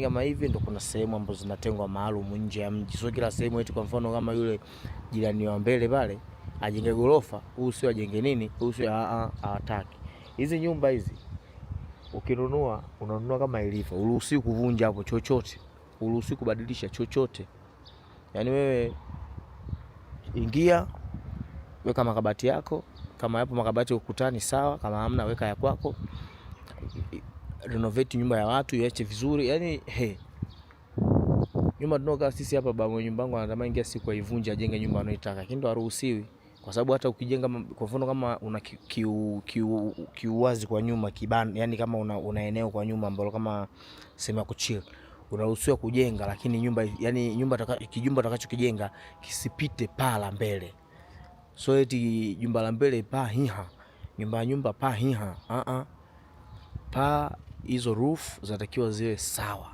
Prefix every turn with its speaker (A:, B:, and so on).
A: Kama hivi ndo kuna sehemu ambazo zinatengwa maalum nje ya mji, sio kila sehemu eti. Kwa mfano kama yule jirani wa mbele pale ajenge gorofa, huyu sio ajenge nini, huyu sio hawataki. Hizi nyumba hizi ukinunua, unanunua kama ilivyo, uruhusi kuvunja hapo chochote, uruhusi kubadilisha chochote. Yani wewe ingia, weka makabati yako, kama yapo makabati ukutani sawa, kama hamna weka ya kwako renovate nyumba ya watu iache vizuri, yani hey. Nyumba tunaokaa sisi hapa, babu nyumba yangu anatamani ingia siku aivunje ajenge nyumba anayotaka, lakini ndo haruhusiwi kwa sababu hata ukijenga kwa mfano kama una kiuwazi kiu, kiu kwa nyuma kibani, yani kama una, una eneo kwa nyuma ambalo kama sehemu ya kuchill unaruhusiwa kujenga, lakini nyumba yani nyumba kijumba utakachokijenga kisipite paa la mbele. So eti jumba la mbele paa hiha, nyumba ya nyumba paa hiha, a ah, a ah. paa hizo roof zinatakiwa ziwe sawa.